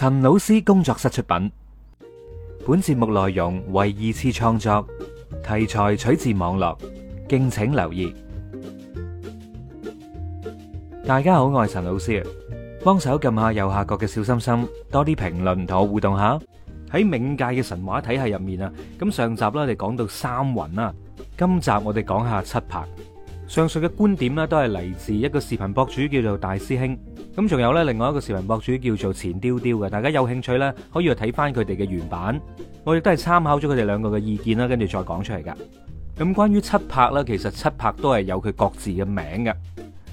陳老師工作室出品，本節目內容為二次創作，題材取自網絡，敬請留意。大家好，我係陳老師，幫手撳下右下角嘅小心心，多啲評論同我互動下。喺冥界嘅神話體系入面啊，咁上集啦，我哋講到三魂啦，今集我哋講下七魄。上述嘅觀點呢，都係嚟自一個視頻博主叫做大師兄。咁仲有咧，另外一個視頻博主叫做錢丟丟嘅，大家有興趣咧可以去睇翻佢哋嘅原版。我亦都係參考咗佢哋兩個嘅意見啦，跟住再講出嚟噶。咁關於七魄咧，其實七魄都係有佢各自嘅名嘅。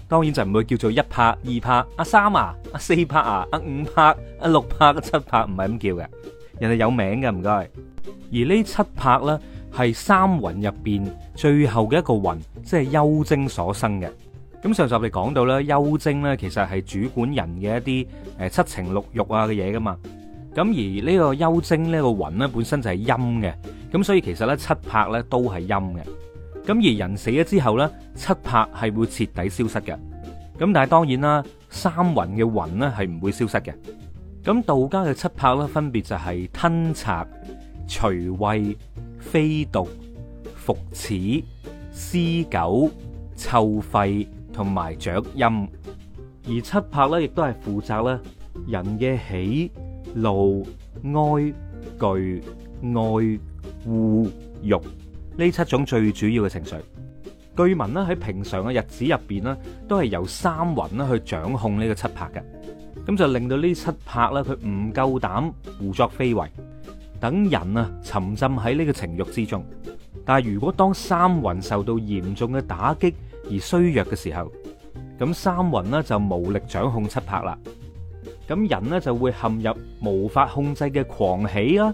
當然就唔會叫做一魄、二魄、啊三啊、四魄啊、啊五魄、啊六魄、七魄，唔係咁叫嘅。人哋有名嘅，唔該。而呢七魄咧係三魂入邊最後嘅一個魂，即係幽精所生嘅。咁上集我哋講到咧，幽精咧其實係主管人嘅一啲誒七情六欲啊嘅嘢噶嘛。咁而呢個幽精呢個魂咧本身就係陰嘅，咁所以其實咧七魄咧都係陰嘅。咁而人死咗之後咧，七魄係會徹底消失嘅。咁但係當然啦，三魂嘅魂咧係唔會消失嘅。咁道家嘅七魄咧分別就係吞賊、除穢、飛毒、伏齒、屍狗、臭肺。同埋掌音，而七魄咧亦都係負責咧人嘅喜怒哀懼愛惡欲呢七種最主要嘅情緒。據聞咧喺平常嘅日子入邊咧，都係由三魂咧去掌控呢個七魄嘅，咁就令到呢七魄咧佢唔夠膽胡作非為，等人啊沉浸喺呢個情欲之中。但係如果當三魂受到嚴重嘅打擊，而衰弱嘅時候，咁三魂呢就無力掌控七魄啦。咁人呢就會陷入無法控制嘅狂喜啦、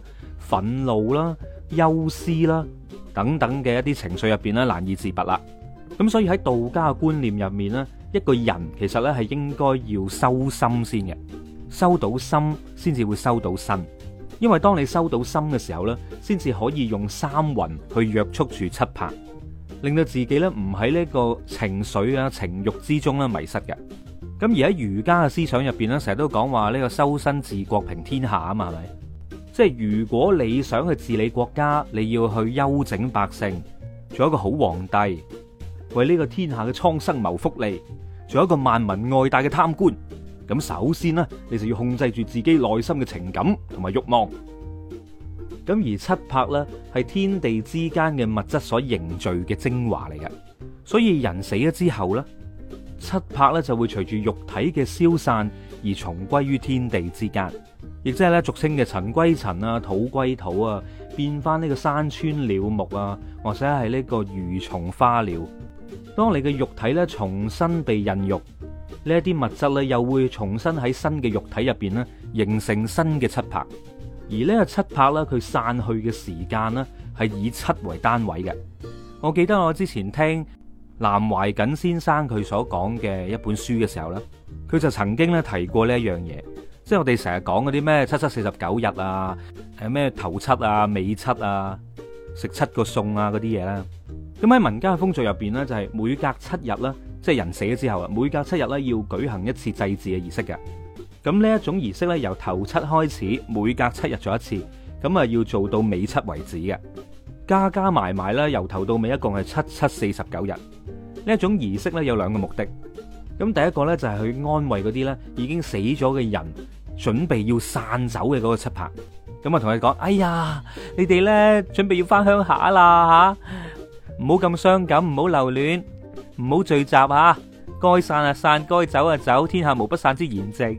憤怒啦、憂思啦等等嘅一啲情緒入邊呢，難以自拔啦。咁所以喺道家嘅觀念入面呢，一個人其實呢係應該要收心先嘅，收到心先至會收到身。因為當你收到心嘅時候呢，先至可以用三魂去約束住七魄。令到自己咧唔喺呢個情緒啊情慾之中咧迷失嘅。咁而喺儒家嘅思想入邊咧，成日都講話呢個修身治國平天下啊嘛，係咪？即係如果你想去治理國家，你要去休整百姓，做一個好皇帝，為呢個天下嘅蒼生謀福利，做一個萬民愛戴嘅貪官，咁首先呢，你就要控制住自己內心嘅情感同埋慾望。咁而七魄咧，係天地之間嘅物質所凝聚嘅精華嚟嘅，所以人死咗之後咧，七魄咧就會隨住肉體嘅消散而重歸於天地之間，亦即係咧俗稱嘅塵歸塵啊，土歸土啊，變翻呢個山川鳥木啊，或者係呢個魚蟲花鳥。當你嘅肉體咧重新被孕育，呢一啲物質咧又會重新喺新嘅肉體入邊咧形成新嘅七魄。而呢個七魄，咧，佢散去嘅時間呢，係以七為單位嘅。我記得我之前聽南懷瑾先生佢所講嘅一本書嘅時候呢，佢就曾經呢提過呢一樣嘢，即係我哋成日講嗰啲咩七七四十九日啊，誒咩頭七啊、尾七啊、食七個餸啊嗰啲嘢啦。咁喺民間嘅風俗入邊呢，就係每隔七日呢，即係人死咗之後啊，每隔七日呢要舉行一次祭祀嘅儀式嘅。咁呢一種儀式咧，由頭七開始，每隔七日做一次，咁啊，要做到尾七為止嘅，加加埋埋呢，由頭到尾一共係七七四十九日。呢一種儀式咧，有兩個目的。咁第一個咧就係去安慰嗰啲咧已經死咗嘅人，準備要散走嘅嗰個七魄。咁啊，同佢講：哎呀，你哋咧準備要翻鄉下啦吓，唔好咁傷感，唔好留戀，唔好聚集啊。該散啊散，該走啊走，天下無不散之筵席。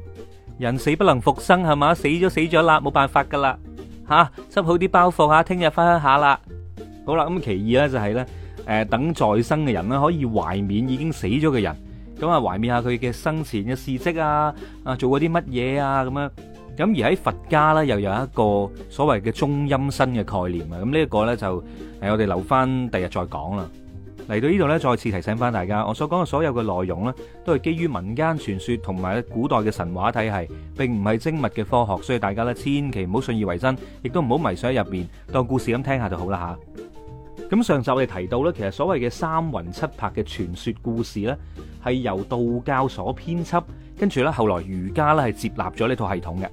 人死不能復生，係咪死咗死咗啦，冇辦法噶啦嚇，執好啲包袱嚇，聽日翻鄉下啦。好啦，咁其二咧就係咧，誒等再生嘅人咧可以懷緬已經死咗嘅人，咁啊懷緬下佢嘅生前嘅事蹟啊，啊做過啲乜嘢啊咁樣。咁而喺佛家咧，又有一個所謂嘅中陰身嘅概念啊。咁呢一個咧就誒，我哋留翻第日再講啦。嚟到呢度呢，再次提醒翻大家，我所講嘅所有嘅內容呢都係基於民間傳說同埋古代嘅神話體系，並唔係精密嘅科學，所以大家呢千祈唔好信以為真，亦都唔好迷上喺入面，當故事咁聽下就好啦吓。咁上集我哋提到呢，其實所謂嘅三魂七魄嘅傳說故事呢係由道教所編輯，跟住呢後來儒家呢係接納咗呢套系統嘅。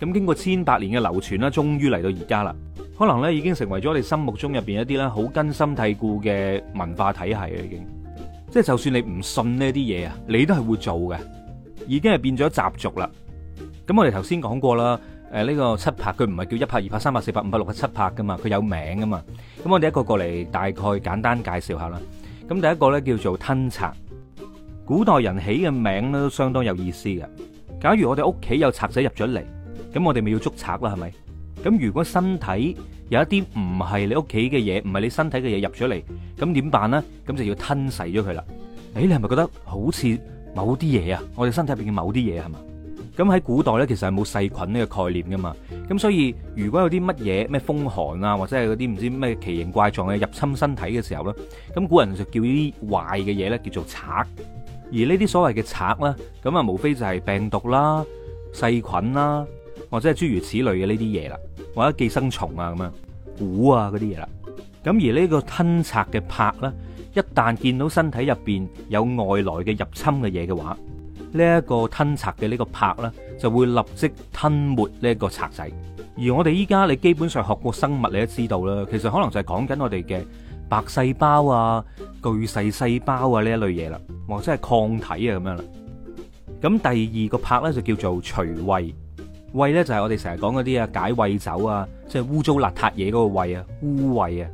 咁經過千百年嘅流傳啦，終於嚟到而家啦。可能咧，已經成為咗你心目中入邊一啲咧，好根深蒂固嘅文化體系啊！已經，即係就算你唔信呢啲嘢啊，你都係會做嘅，已經係變咗習俗啦。咁我哋頭先講過啦，誒，呢個七魄佢唔係叫一魄二魄三魄四魄五魄六魄七魄噶嘛，佢有名噶嘛。咁我哋一個過嚟，大概簡單介紹下啦。咁第一個咧叫做吞賊，古代人起嘅名咧都相當有意思嘅。假如我哋屋企有賊仔入咗嚟，咁我哋咪要捉賊啦，係咪？咁如果身體有一啲唔係你屋企嘅嘢，唔係你身體嘅嘢入咗嚟，咁點辦呢？咁就要吞噬咗佢啦。誒、哎，你係咪覺得好似某啲嘢啊？我哋身體入邊嘅某啲嘢係嘛？咁喺古代咧，其實係冇細菌呢個概念噶嘛。咁所以，如果有啲乜嘢咩風寒啊，或者係嗰啲唔知咩奇形怪狀嘅入侵身體嘅時候咧，咁古人就叫呢啲壞嘅嘢咧叫做賊。而呢啲所謂嘅賊咧，咁啊無非就係病毒啦、細菌啦。或者諸如此類嘅呢啲嘢啦，或者寄生蟲啊咁樣、蠣啊嗰啲嘢啦，咁而呢個吞賊嘅魄呢，一旦見到身體入邊有外來嘅入侵嘅嘢嘅話，呢、這、一個吞賊嘅呢個魄呢就會立即吞沒呢一個賊仔。而我哋依家你基本上學過生物，你都知道啦。其實可能就係講緊我哋嘅白細胞啊、巨細細胞啊呢一類嘢啦，或者係抗體啊咁樣啦。咁第二個魄呢就叫做除穢。穢咧就係我哋成日講嗰啲啊，解穢酒啊，即係污糟邋遢嘢嗰個穢啊，污穢啊。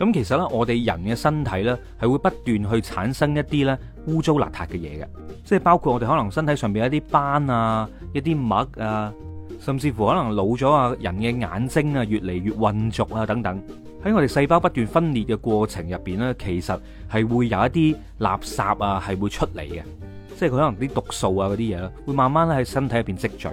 咁其實咧，我哋人嘅身體咧係會不斷去產生一啲咧污糟邋遢嘅嘢嘅，即係包括我哋可能身體上邊一啲斑啊、一啲物啊，甚至乎可能老咗啊，人嘅眼睛啊越嚟越混濁啊等等。喺我哋細胞不斷分裂嘅過程入邊咧，其實係會有一啲垃圾啊係會出嚟嘅，即係佢可能啲毒素啊嗰啲嘢啦，會慢慢喺身體入邊積聚。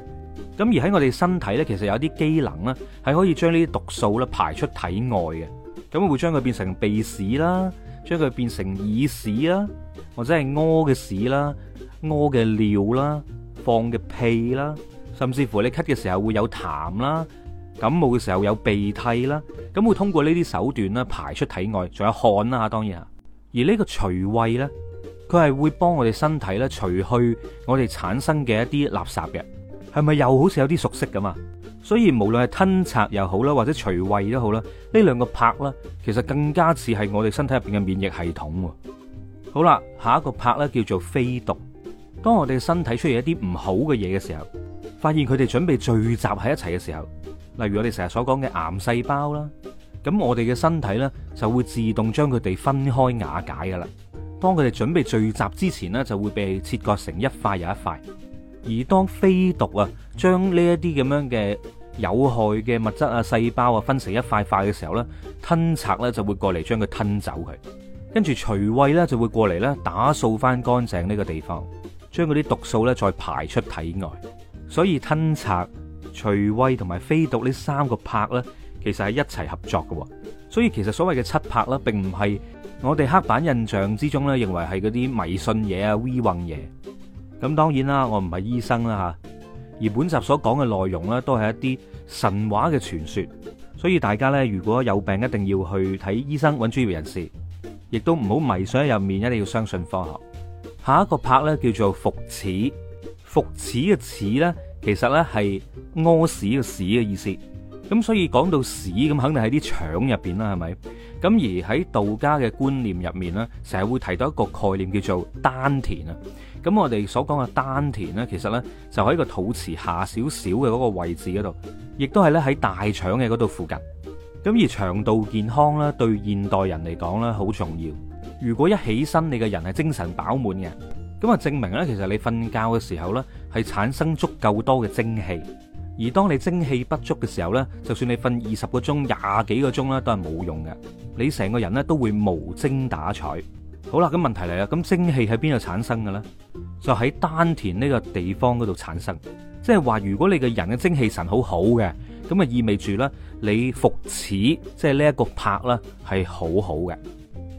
咁而喺我哋身體咧，其實有啲機能咧係可以將呢啲毒素咧排出體外嘅。咁會將佢變成鼻屎啦，將佢變成耳屎啦，或者係屙嘅屎啦、屙嘅尿啦、放嘅屁啦，甚至乎你咳嘅時候會有痰啦，感冒嘅時候有鼻涕啦。咁會通過呢啲手段咧排出體外，仲有汗啦。吓，當然啊。而呢個除穢咧，佢係會幫我哋身體咧除去我哋產生嘅一啲垃圾嘅。係咪又好似有啲熟悉咁啊？所以無論係吞賊，又好啦，或者除穢都好啦，呢兩個魄啦，其實更加似係我哋身體入邊嘅免疫系統。好啦，下一個魄咧叫做非毒。當我哋身體出現一啲唔好嘅嘢嘅時候，發現佢哋準備聚集喺一齊嘅時候，例如我哋成日所講嘅癌細胞啦，咁我哋嘅身體呢，就會自動將佢哋分開瓦解噶啦。當佢哋準備聚集之前呢，就會被切割成一塊又一塊。而當非毒啊，將呢一啲咁樣嘅有害嘅物質啊、細胞啊，分成一塊塊嘅時候呢，吞賊呢就會過嚟將佢吞走佢，跟住除穢呢就會過嚟呢打掃翻乾淨呢個地方，將嗰啲毒素呢再排出體外。所以吞賊、除穢同埋非毒呢三個魄呢，其實係一齊合作嘅。所以其實所謂嘅七魄呢，並唔係我哋刻板印象之中呢認為係嗰啲迷信嘢啊、v 嘢。咁當然啦，我唔係醫生啦嚇，而本集所講嘅內容呢，都係一啲神話嘅傳說，所以大家呢，如果有病，一定要去睇醫生，揾專業人士，亦都唔好迷上喺入面，一定要相信科學。下一個魄呢，叫做伏矢，伏矢嘅矢呢，其實呢係屙屎嘅屎嘅意思。咁所以講到屎咁，肯定喺啲腸入面啦，係咪？咁而喺道家嘅觀念入面呢，成日會提到一個概念叫做丹田啊。咁我哋所講嘅丹田呢，其實呢，就喺個肚臍下少少嘅嗰個位置嗰度，亦都係咧喺大腸嘅嗰度附近。咁而腸道健康呢，對現代人嚟講呢，好重要。如果一起身你嘅人係精神飽滿嘅，咁啊證明呢，其實你瞓覺嘅時候呢，係產生足夠多嘅精氣。而當你精氣不足嘅時候呢，就算你瞓二十個鐘、廿幾個鐘呢都係冇用嘅。你成個人呢都會無精打采。好啦，咁問題嚟啦，咁精氣喺邊度產生嘅呢？就喺丹田呢個地方嗰度產生。即係話，如果你嘅人嘅精氣神好好嘅，咁啊意味住呢，你伏矢即係呢一個魄呢係好好嘅。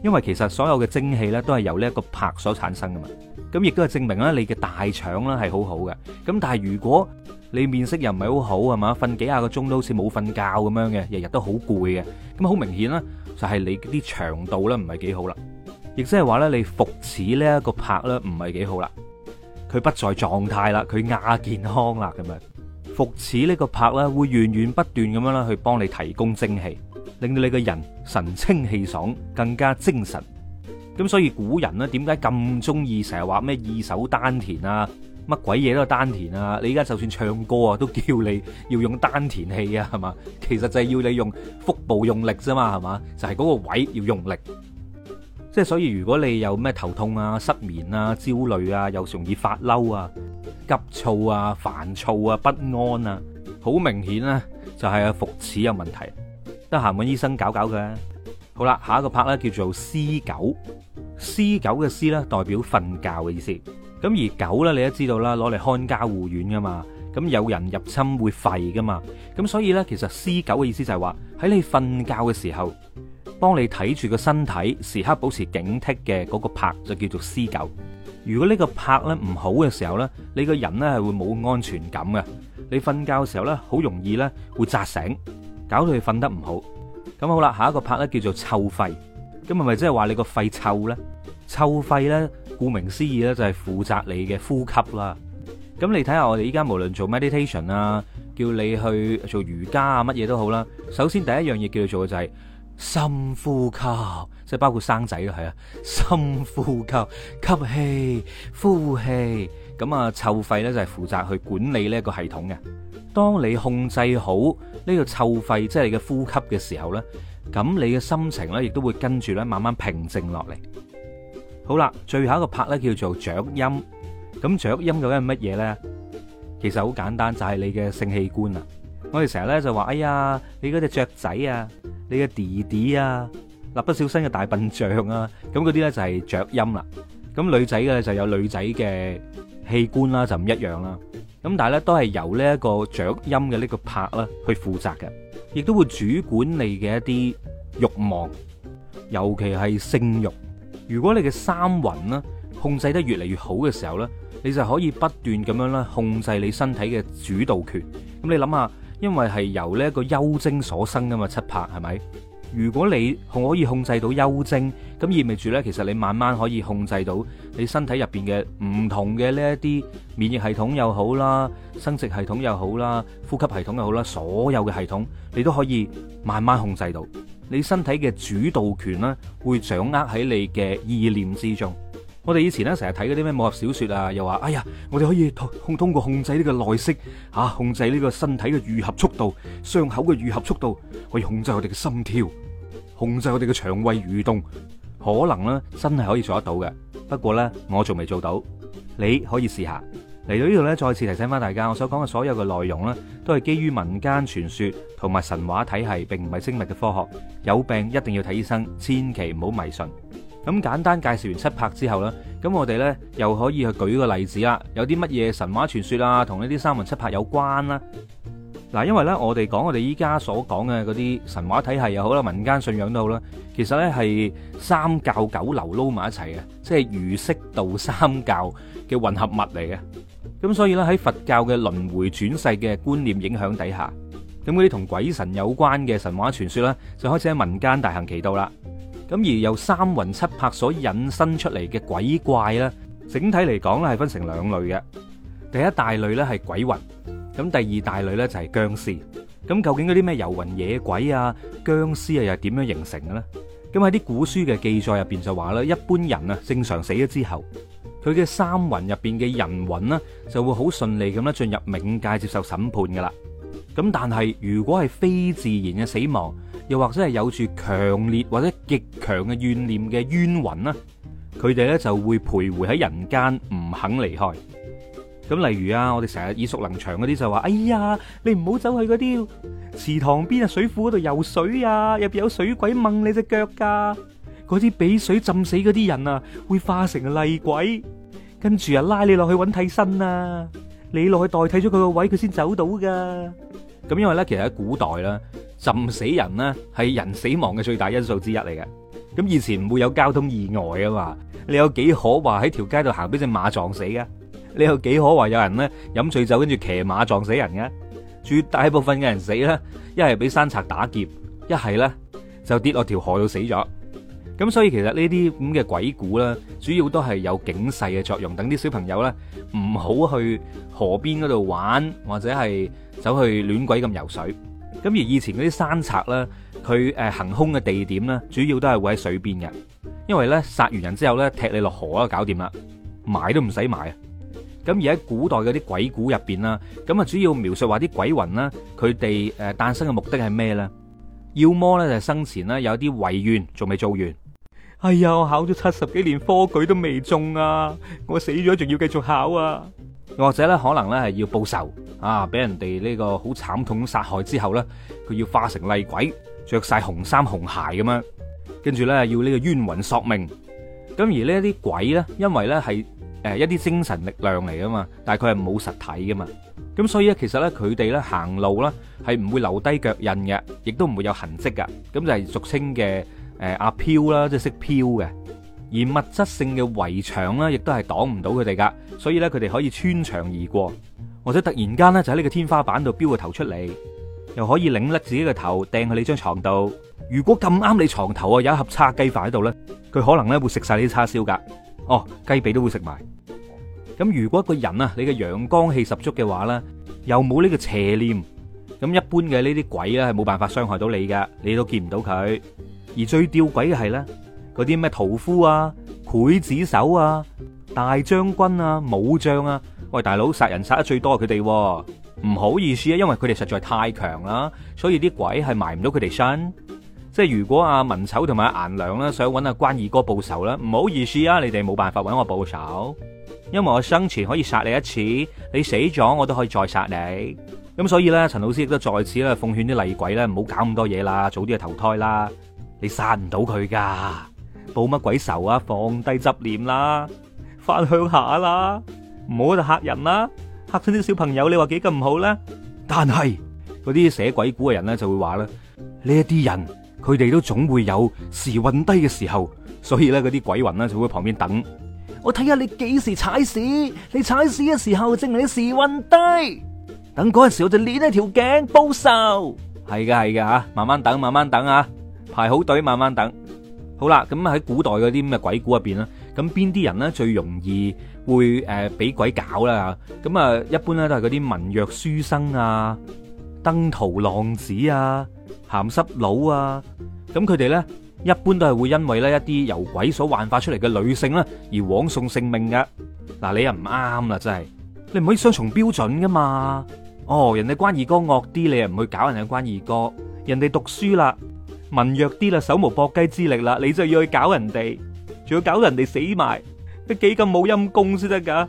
因為其實所有嘅精氣咧都係由呢一個拍所產生噶嘛，咁亦都係證明咧你嘅大腸啦係好好嘅。咁但係如果你面色又唔係好好係嘛，瞓幾廿個鐘都好似冇瞓覺咁樣嘅，日日都好攰嘅，咁好明顯啦，也就係你啲腸道咧唔係幾好啦，亦即係話咧你服侍呢一個拍咧唔係幾好啦，佢不在狀態啦，佢亞健康啦咁樣，服侍呢個拍咧會源源不斷咁樣啦去幫你提供精氣。令到你個人神清氣爽，更加精神。咁所以古人咧，點解咁中意成日話咩意守丹田啊？乜鬼嘢都係丹田啊！你而家就算唱歌啊，都叫你要用丹田氣啊，係嘛？其實就係要你用腹部用力啫嘛，係嘛？就係嗰個位要用力。即係所以，如果你有咩頭痛啊、失眠啊、焦慮啊、又容易發嬲啊、急躁啊、煩躁啊、不安啊，好明顯咧，就係啊腹齒有問題。得閒揾醫生搞搞嘅，好啦，下一個魄咧叫做尸狗，尸狗嘅尸咧代表瞓覺嘅意思，咁而狗咧你都知道啦，攞嚟看家護院噶嘛，咁有人入侵會吠噶嘛，咁所以咧其實尸狗嘅意思就係話喺你瞓覺嘅時候，幫你睇住個身體，時刻保持警惕嘅嗰個魄就叫做尸狗。如果呢個魄咧唔好嘅時候咧，你個人咧係會冇安全感嘅，你瞓覺嘅時候咧好容易咧會扎醒。搞到佢瞓得唔好，咁好啦。下一個拍咧叫做臭肺，咁係咪即係話你個肺臭咧？臭肺咧，顧名思義咧就係負責你嘅呼吸啦。咁你睇下我哋依家無論做 meditation 啊，叫你去做瑜伽啊，乜嘢都好啦。首先第一樣嘢叫做做嘅就係深呼吸，即係包括生仔都係啊，深呼吸，吸氣、呼氣。咁啊，臭肺咧，就係負責去管理呢一個系統嘅。當你控制好呢個臭肺，即係你嘅呼吸嘅時候咧，咁你嘅心情咧亦都會跟住咧慢慢平靜落嚟。好啦，最後一個魄咧叫做雀陰。咁雀陰究竟係乜嘢咧？其實好簡單，就係你嘅性器官啊。我哋成日咧就話，哎呀，你嗰隻雀仔啊，你嘅弟弟啊，蠟筆小新嘅大笨象啊，咁嗰啲咧就係雀陰啦。咁女仔嘅咧就有女仔嘅。器官啦就唔一樣啦，咁但係咧都係由呢一個掌音嘅呢個魄啦去負責嘅，亦都會主管你嘅一啲慾望，尤其係性慾。如果你嘅三魂咧控制得越嚟越好嘅時候呢，你就可以不斷咁樣咧控制你身體嘅主導權。咁你諗下，因為係由呢一個幽精所生噶嘛，七魄係咪？如果你可以控制到幽精。咁意味住呢，其實你慢慢可以控制到你身體入邊嘅唔同嘅呢一啲免疫系統又好啦，生殖系統又好啦，呼吸系統又好啦，所有嘅系統你都可以慢慢控制到。你身體嘅主導權呢會掌握喺你嘅意念之中。我哋以前呢成日睇嗰啲咩武俠小說啊，又話哎呀，我哋可以通通過控制呢個內息吓，控制呢個身體嘅癒合速度，傷口嘅癒合速度，可以控制我哋嘅心跳，控制我哋嘅腸胃蠕動。可能咧真係可以做得到嘅。不過呢，我仲未做到，你可以試下。嚟到呢度呢，再次提醒翻大家，我所講嘅所有嘅內容呢都係基於民間傳說同埋神話體系，並唔係精密嘅科學。有病一定要睇醫生，千祈唔好迷信。咁簡單介紹完七魄之後呢，咁我哋呢，又可以去舉個例子啦，有啲乜嘢神話傳說啊，同呢啲三魂七魄有關啦。嗱，因為咧，我哋講我哋依家所講嘅嗰啲神話體系又好啦，民間信仰都好啦，其實咧係三教九流撈埋一齊嘅，即係儒釋道三教嘅混合物嚟嘅。咁所以咧喺佛教嘅輪迴轉世嘅觀念影響底下，咁嗰啲同鬼神有關嘅神話傳說咧，就開始喺民間大行其道啦。咁而由三魂七魄所引申出嚟嘅鬼怪咧，整體嚟講咧係分成兩類嘅。第一大類咧係鬼魂。咁第二大類咧就係僵屍，咁究竟嗰啲咩遊魂野鬼啊、僵屍啊又點樣形成嘅咧？咁喺啲古書嘅記載入邊就話啦，一般人啊正常死咗之後，佢嘅三魂入邊嘅人魂呢，就會好順利咁咧進入冥界接受審判噶啦。咁但係如果係非自然嘅死亡，又或者係有住強烈或者極強嘅怨念嘅冤魂呢，佢哋咧就會徘徊喺人間唔肯離開。咁例如啊，我哋成日耳熟能詳嗰啲就話：哎呀，你唔好走去嗰啲池塘邊啊、水庫嗰度游水啊，入邊有水鬼掹你隻腳噶。嗰啲俾水浸死嗰啲人啊，會化成厲鬼，跟住啊拉你落去揾替身啊，你落去代替咗佢個位，佢先走到噶。咁因為咧，其實喺古代啦，浸死人咧係人死亡嘅最大因素之一嚟嘅。咁以前唔會有交通意外啊嘛，你有幾可話喺條街度行俾隻馬撞死噶？你又幾可話有人咧飲醉酒跟住騎馬撞死人嘅？絕大部分嘅人死啦，一係俾山賊打劫，一係咧就跌落條河都死咗。咁所以其實呢啲咁嘅鬼故啦，主要都係有警世嘅作用，等啲小朋友咧唔好去河邊嗰度玩，或者係走去亂鬼咁游水。咁而以前嗰啲山賊咧，佢誒行兇嘅地點咧，主要都係會喺水邊嘅，因為咧殺完人之後咧踢你落河啊，搞掂啦，埋都唔使埋啊！咁而喺古代嗰啲鬼故入邊啦，咁啊主要描述話啲鬼魂啦，佢哋誒誕生嘅目的係咩咧？要麼咧就係生前咧有啲遺願仲未做完。哎呀，我考咗七十幾年科舉都未中啊！我死咗仲要繼續考啊！又或者咧，可能咧係要報仇啊，俾人哋呢個好慘痛殺害之後咧，佢要化成厲鬼，着晒紅衫紅鞋咁樣，跟住咧要呢個冤魂索命。咁而呢一啲鬼咧，因為咧係。誒一啲精神力量嚟噶嘛，但係佢係冇實體噶嘛，咁所以咧，其實咧佢哋咧行路咧係唔會留低腳印嘅，亦都唔會有痕跡噶，咁就係俗稱嘅誒阿飄啦，即係識飄嘅。而物質性嘅圍牆呢，亦都係擋唔到佢哋噶，所以咧佢哋可以穿牆而過，或者突然間咧就喺呢個天花板度標個頭出嚟，又可以擰甩自己嘅頭掟去你張床度。如果咁啱你床頭啊有一盒叉雞飯喺度咧，佢可能咧會食曬啲叉燒噶，哦雞髀都會食埋。咁如果一個人啊，你嘅陽光氣十足嘅話咧，又冇呢個邪念，咁一般嘅呢啲鬼咧係冇辦法傷害到你㗎，你都見唔到佢。而最吊詭嘅係咧，嗰啲咩屠夫啊、劊子手啊、大將軍啊、武將啊，喂大佬，殺人殺得最多佢哋，唔好意思啊，因為佢哋實在太強啦，所以啲鬼係埋唔到佢哋身。即係如果阿、啊、文醜同埋阿顏良咧，想搵阿、啊、關二哥報仇啦，唔好意思啊，你哋冇辦法搵我報仇。因為我生前可以殺你一次，你死咗我都可以再殺你，咁所以咧陳老師亦都在此咧奉勸啲厲鬼咧唔好搞咁多嘢啦，早啲去投胎啦，你殺唔到佢噶，報乜鬼仇啊？放低執念啦，翻鄉下啦，唔好就嚇人啦，嚇親啲小朋友，你話幾咁唔好咧？但係嗰啲寫鬼故嘅人咧就會話咧，呢一啲人佢哋都總會有時運低嘅時候，所以咧嗰啲鬼魂咧就會喺旁邊等。我睇下你幾時踩屎，你踩屎嘅時候證明你時運低，等嗰陣時我就捏一條頸報仇。係噶係噶吓，慢慢等，慢慢等啊，排好隊慢慢等。好啦，咁喺古代嗰啲咁嘅鬼故入邊啦，咁邊啲人咧最容易會誒俾、呃、鬼搞啦？咁啊，一般咧都係嗰啲文弱書生啊、登徒浪子啊、鹹濕佬啊，咁佢哋咧。一般都係會因為咧一啲由鬼所幻化出嚟嘅女性啦，而枉送性命噶。嗱，你又唔啱啦，真係你唔可以雙重標準噶嘛。哦，人哋關二哥惡啲，你又唔去搞人哋關二哥。人哋讀書啦，文弱啲啦，手無搏雞之力啦，你就要去搞人哋，仲要搞到人哋死埋，你幾咁冇陰功先得噶？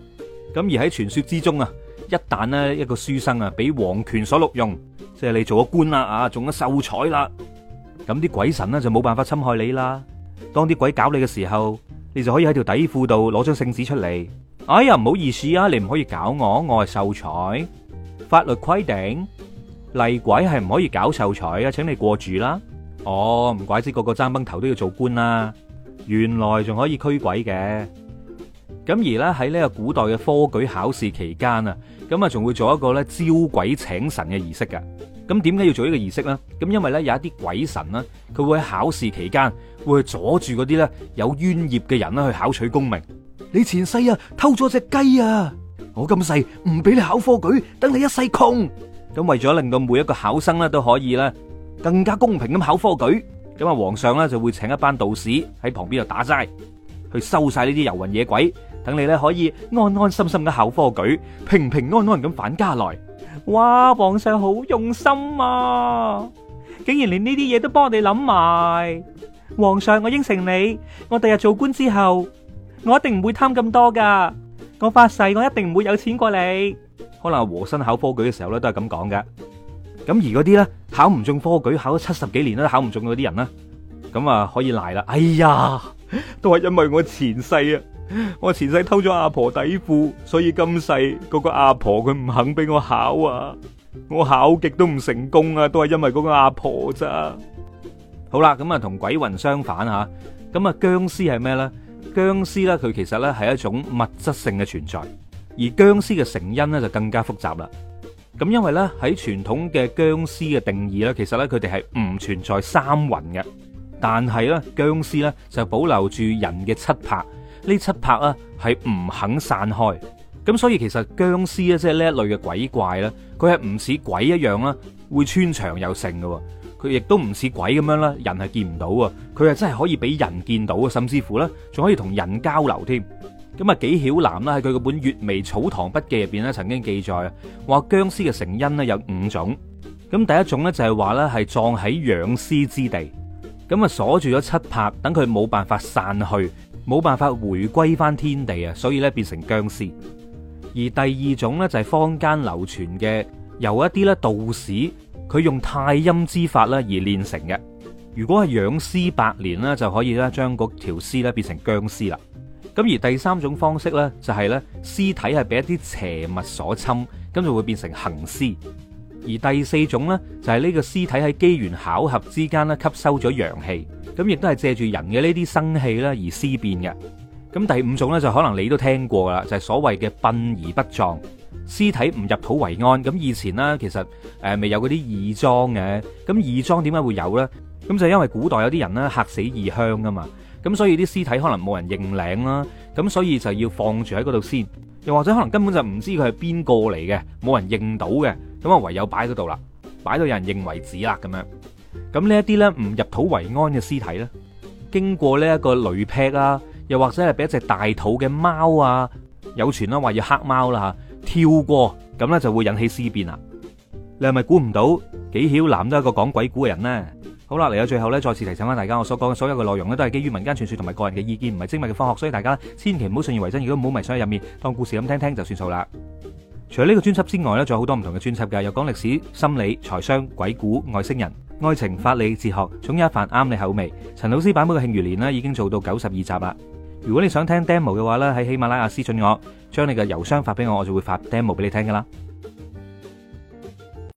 咁而喺傳說之中啊，一旦咧一個書生啊，俾皇權所錄用，即係你做咗官啦，啊，中咗秀才啦。咁啲鬼神咧就冇辦法侵害你啦。當啲鬼搞你嘅時候，你就可以喺條底褲度攞張聖紙出嚟。哎呀，唔好意思啊，你唔可以搞我，我係秀才。法律規定厲鬼係唔可以搞秀才啊，請你過住啦。哦，唔怪之個個爭崩頭都要做官啦，啊。原來仲可以驅鬼嘅。咁而咧喺呢個古代嘅科舉考試期間啊，咁啊仲會做一個咧招鬼請神嘅儀式噶咁點解要做呢個儀式呢？咁因為呢有一啲鬼神啦，佢會喺考試期間會去阻住嗰啲呢有冤孽嘅人呢去考取功名。你前世啊偷咗隻雞啊，我咁細唔俾你考科舉，等你一世窮。咁為咗令到每一個考生呢都可以呢，更加公平咁考科舉，咁啊皇上呢就會請一班道士喺旁邊度打齋，去收晒呢啲遊魂野鬼，等你呢可以安安心心咁考科舉，平平安安咁返家來。哇！皇上好用心啊，竟然連呢啲嘢,都幫我哋諗埋。皇上，我應承你，我第日做官之後，我一定唔會貪咁多噶。我發誓，我一定唔會有錢過你。可能和珅考科舉嘅時候咧，都係咁講噶。咁而嗰啲咧，考唔中科舉，考咗七十幾年都考唔中嗰啲人咧，咁啊可以賴啦。哎呀，都係因為我前世啊！我前世偷咗阿婆底褲，所以今世嗰個阿婆佢唔肯俾我考啊！我考極都唔成功啊，都係因為嗰個阿婆咋。好啦，咁啊同鬼魂相反吓，咁啊僵屍係咩呢？僵屍呢，佢其實呢係一種物質性嘅存在，而僵屍嘅成因呢就更加複雜啦。咁因為呢，喺傳統嘅僵屍嘅定義呢，其實呢，佢哋係唔存在三魂嘅，但係呢，僵屍呢，就保留住人嘅七魄。呢七魄啊，係唔肯散開，咁所以其實僵屍咧，即係呢一類嘅鬼怪咧，佢係唔似鬼一樣啦，會穿牆又成嘅，佢亦都唔似鬼咁樣啦，人係見唔到啊，佢係真係可以俾人見到啊，甚至乎咧，仲可以同人交流添。咁啊，紀曉嵐啦喺佢嗰本《閱微草堂筆記》入邊咧，曾經記載話僵屍嘅成因咧有五種，咁第一種咧就係話咧係葬喺養屍之地，咁啊鎖住咗七魄，等佢冇辦法散去。冇辦法回歸翻天地啊，所以咧變成僵屍。而第二種咧就係坊間流傳嘅，由一啲咧道士佢用太陰之法咧而煉成嘅。如果係養屍百年咧，就可以咧將嗰條屍咧變成僵屍啦。咁而第三種方式咧就係咧屍體係被一啲邪物所侵，咁就會變成行屍。而第四種咧就係呢個屍體喺機緣巧合之間咧吸收咗陽氣。咁亦都係借住人嘅呢啲生氣啦而屍變嘅。咁第五種呢，就可能你都聽過啦，就係、是、所謂嘅殯而不葬，屍體唔入土為安。咁以前啦，其實誒未有嗰啲義莊嘅。咁義莊點解會有呢？咁就是、因為古代有啲人呢，吓死異鄉㗎嘛。咁所以啲屍體可能冇人認領啦，咁所以就要放住喺嗰度先。又或者可能根本就唔知佢係邊個嚟嘅，冇人認到嘅，咁啊唯有擺喺度啦，擺到有人認為止啦咁樣。咁呢一啲咧唔入土為安嘅屍體咧，經過呢一個雷劈啊，又或者係俾一隻大肚嘅貓啊，有傳啦話要黑貓啦吓，跳過咁咧就會引起屍變啊！你係咪估唔到？紀曉嵐都係一個講鬼故嘅人呢？好啦，嚟到最後咧，再次提醒翻大家，我所講嘅所有嘅內容咧，都係基於民間傳說同埋個人嘅意見，唔係精密嘅科學，所以大家千祈唔好信以為真，如果唔好迷信喺入面當故事咁聽聽就算數啦。除咗呢個專輯之外咧，仲有好多唔同嘅專輯嘅，有講歷史、心理、財商、鬼故、外星人。愛情法理哲學，總有一份啱你口味。陳老師版本嘅慶餘年啦，已經做到九十二集啦。如果你想聽 demo 嘅話啦，喺喜馬拉雅私信我，將你嘅郵箱發俾我，我就會發 demo 俾你聽噶啦。